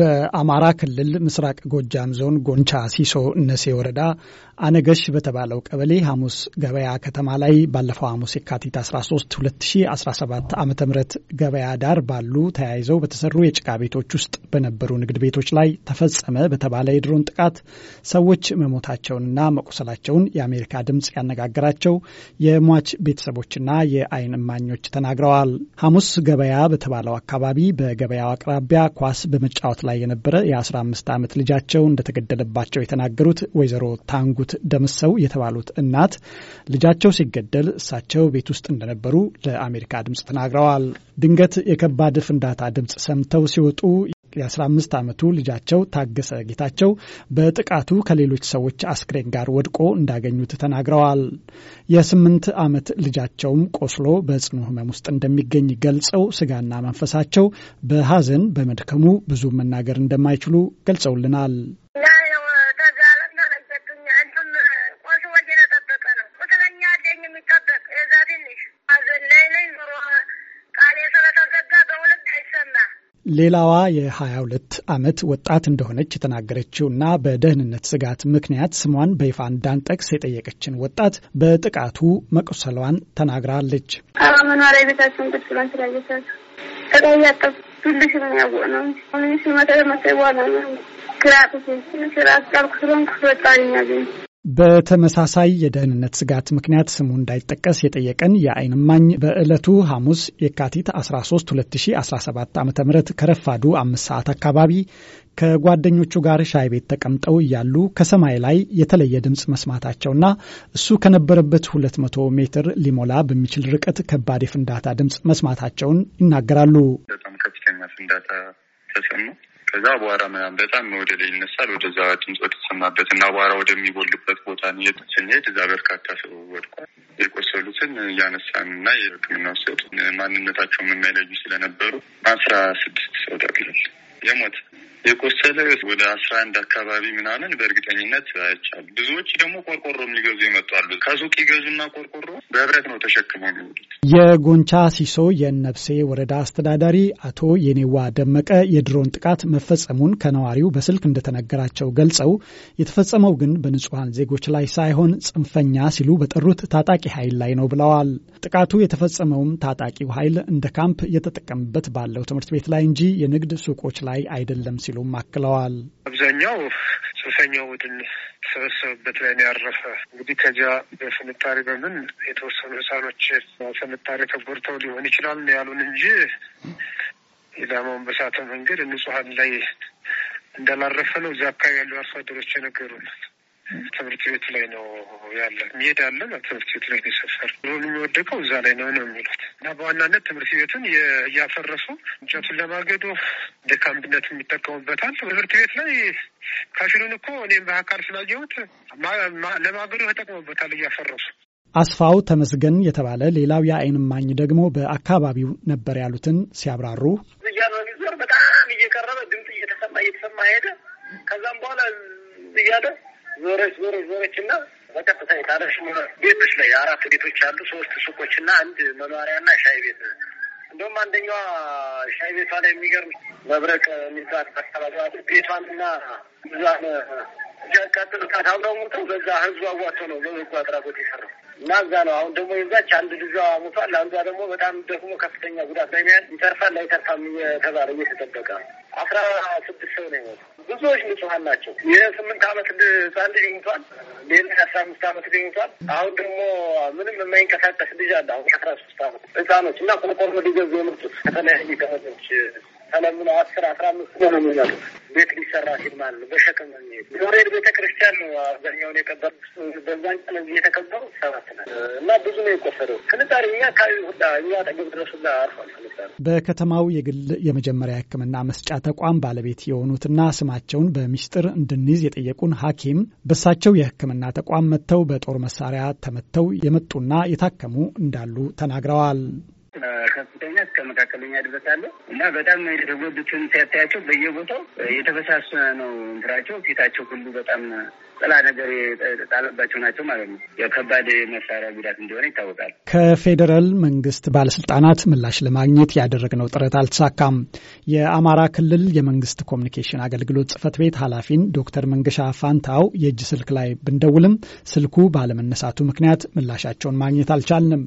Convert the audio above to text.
በአማራ ክልል ምስራቅ ጎጃም ዞን ጎንቻ ሲሶ እነሴ ወረዳ አነገሽ በተባለው ቀበሌ ሐሙስ ገበያ ከተማ ላይ ባለፈው ሐሙስ የካቲት 13 2017 ዓ ም ገበያ ዳር ባሉ ተያይዘው በተሰሩ የጭቃ ቤቶች ውስጥ በነበሩ ንግድ ቤቶች ላይ ተፈጸመ በተባለ የድሮን ጥቃት ሰዎች መሞታቸውንና መቁሰላቸውን የአሜሪካ ድምፅ ያነጋገራቸው የሟች ቤተሰቦችና የአይን እማኞች ተናግረዋል። ሐሙስ ገበያ በተባለው አካባቢ በገበያው አቅራቢያ ኳስ በመጫወት ላይ የነበረ የ15 ዓመት ልጃቸው እንደተገደለባቸው የተናገሩት ወይዘሮ ታንጉት ደምሰው የተባሉት እናት ልጃቸው ሲገደል እሳቸው ቤት ውስጥ እንደነበሩ ለአሜሪካ ድምፅ ተናግረዋል። ድንገት የከባድ ፍንዳታ ድምፅ ሰምተው ሲወጡ የ15 ዓመቱ ልጃቸው ታገሰ ጌታቸው በጥቃቱ ከሌሎች ሰዎች አስክሬን ጋር ወድቆ እንዳገኙት ተናግረዋል። የስምንት ዓመት ልጃቸውም ቆስሎ በጽኑ ሕመም ውስጥ እንደሚገኝ ገልጸው ስጋና መንፈሳቸው በሐዘን በመድከሙ ብዙ መናገር እንደማይችሉ ገልጸውልናል። ቆስሎ የሚጠበቅ የዛ ትንሽ ሐዘን ላይ ነኝ ኑሮ ሌላዋ የ22 ዓመት ወጣት እንደሆነች የተናገረችው እና በደህንነት ስጋት ምክንያት ስሟን በይፋ እንዳንጠቅስ የጠየቀችን ወጣት በጥቃቱ መቁሰሏን ተናግራለች። መኖሪያ ቤታችን ቁጭ ብለን ስላየሰል ተቀያጠፍ ትልሽ ነው ያወቅ ነው ሲመተ መሰ በኋላ ነው ክራጥ ሲራስ ቃል ክስሎን ክፍሎጣ ያገኝ በተመሳሳይ የደህንነት ስጋት ምክንያት ስሙ እንዳይጠቀስ የጠየቀን የአይንማኝ እማኝ በዕለቱ ሐሙስ የካቲት 13 2017 ዓ ም ከረፋዱ አምስት ሰዓት አካባቢ ከጓደኞቹ ጋር ሻይ ቤት ተቀምጠው እያሉ ከሰማይ ላይ የተለየ ድምፅ መስማታቸውና እሱ ከነበረበት 200 ሜትር ሊሞላ በሚችል ርቀት ከባድ የፍንዳታ ድምፅ መስማታቸውን ይናገራሉ። በጣም ከፍተኛ ፍንዳታ ከዛ አቧራ ምናምን በጣም ወደ ላይ ይነሳል። ወደዛ ድምፅ ወደተሰማበት እና አቧራ ወደሚጎልበት ቦታ ሄድ ስንሄድ እዛ በርካታ ሰው ወድቋል። የቆሰሉትን እያነሳን እና የሕክምና ውሰድ ማንነታቸው የማይለዩ ስለነበሩ አስራ ስድስት ሰው ጠቅላል የሞት የቆሰለ ወደ አስራ አንድ አካባቢ ምናምን በእርግጠኝነት አይቻሉ። ብዙዎች ደግሞ ቆርቆሮ የሚገዙ ይመጣሉ። ከሱቅ ይገዙና ቆርቆሮ በህብረት ነው ተሸክመ የጎንቻ ሲሶ የነብሴ ወረዳ አስተዳዳሪ አቶ የኔዋ ደመቀ የድሮን ጥቃት መፈጸሙን ከነዋሪው በስልክ እንደተነገራቸው ገልጸው የተፈጸመው ግን በንጹሐን ዜጎች ላይ ሳይሆን ጽንፈኛ ሲሉ በጠሩት ታጣቂ ኃይል ላይ ነው ብለዋል። ጥቃቱ የተፈጸመውም ታጣቂው ኃይል እንደ ካምፕ የተጠቀምበት ባለው ትምህርት ቤት ላይ እንጂ የንግድ ሱቆች ላይ አይደለም ሲሉም አክለዋል። አብዛኛው ሶስተኛው ቡድን ተሰበሰበበት ላይ ያረፈ። እንግዲህ ከዚያ በፍንጣሪ በምን የተወሰኑ ህጻኖች ፍንጣሪ ተጎድተው ሊሆን ይችላል ያሉን እንጂ ኢላማውን በሳተ መንገድ ንጹሀን ላይ እንዳላረፈ ነው እዚያ አካባቢ ያሉ አርሶ አደሮች የነገሩን። ትምህርት ቤት ላይ ነው ያለ። ሚሄድ ያለ ትምህርት ቤት ላይ ሰፈር የሚወደቀው እዛ ላይ ነው ነው የሚሉት እና በዋናነት ትምህርት ቤቱን እያፈረሱ እንጨቱን ለማገዶ እንደ የሚጠቀሙበታል። ትምህርት ቤት ላይ ካሽሉን እኮ እኔም በአካል ስላየሁት ለማገዶ ተጠቅሙበታል እያፈረሱ። አስፋው ተመስገን የተባለ ሌላው የአይን ማኝ ደግሞ በአካባቢው ነበር ያሉትን ሲያብራሩ በጣም እየቀረበ ድምፅ እየተሰማ እየተሰማ ሄደ። ከዛም በኋላ እያለ ዞረች ዞረች ዞረች እና በቀጥታ የጣለች ቤቶች ላይ አራት ቤቶች አሉ። ሶስት ሱቆች እና አንድ መኖሪያና ሻይ ቤት እንደውም አንደኛዋ ሻይ ቤቷ ላይ የሚገርም መብረቅ የሚባል ቤቷን ቤቷንና ብዛን ሲያቃጥልቃት አብረው ሞተው በዛ ህዝቡ አዋቶ ነው በበጎ አድራጎት የሰራው እና እዛ ነው። አሁን ደግሞ የዛች አንድ ልጇ ሞቷል። አንዷ ደግሞ በጣም ደግሞ ከፍተኛ ጉዳት ላይ ነው ይተርፋል ላይተርፋም እየተባለ እየተጠበቀ ነው። አስራ ስድስት ሰው ነው ብዙዎች ንጹሀን ናቸው። የስምንት አመት ህጻን ልጅ ሙቷል። ሌላ አስራ አምስት አመት ልጅ ሙቷል። አሁን ደግሞ ምንም የማይንቀሳቀስ ልጅ አለ። አሁን የአስራ ሶስት አመት ህጻኖች እና ቆርቆሮ ሊገዙ የመጡት ከተለያዩ ከተሞች ተለምኖ አስር አስራ አምስት ነው የሚመጡት። ቤት ሊሰራ ሲል ማለት ነው። በሸክም ነው የሚሄዱ። ሬድ ቤተ ክርስቲያን ነው አብዛኛውን የቀበሩ። በዛን ቀን እየተቀበሩ ሰባት ነ እና ብዙ ነው የቆሰደው ክንጣሪ እኛ አካባቢ ሁላ እኛ አጠገብ ድረስ ሁላ አርፏል። ክንጻሪ በከተማው የግል የመጀመሪያ ሕክምና መስጫ ተቋም ባለቤት የሆኑትና ስማቸውን በሚስጥር እንድንይዝ የጠየቁን ሐኪም በሳቸው የሕክምና ተቋም መጥተው በጦር መሳሪያ ተመተው የመጡና የታከሙ እንዳሉ ተናግረዋል። ከፍተኛ እስከ መካከለኛ ድረስ አለ እና በጣም የተጎዱትን ሲያታያቸው በየቦታው የተበሳሰ ነው እንትራቸው ፊታቸው ሁሉ በጣም ጥላ ነገር የጣለባቸው ናቸው ማለት ነው። የከባድ መሳሪያ ጉዳት እንደሆነ ይታወቃል። ከፌዴራል መንግስት ባለስልጣናት ምላሽ ለማግኘት ያደረግነው ጥረት አልተሳካም። የአማራ ክልል የመንግስት ኮሚኒኬሽን አገልግሎት ጽህፈት ቤት ኃላፊን ዶክተር መንገሻ ፋንታው የእጅ ስልክ ላይ ብንደውልም ስልኩ ባለመነሳቱ ምክንያት ምላሻቸውን ማግኘት አልቻልንም።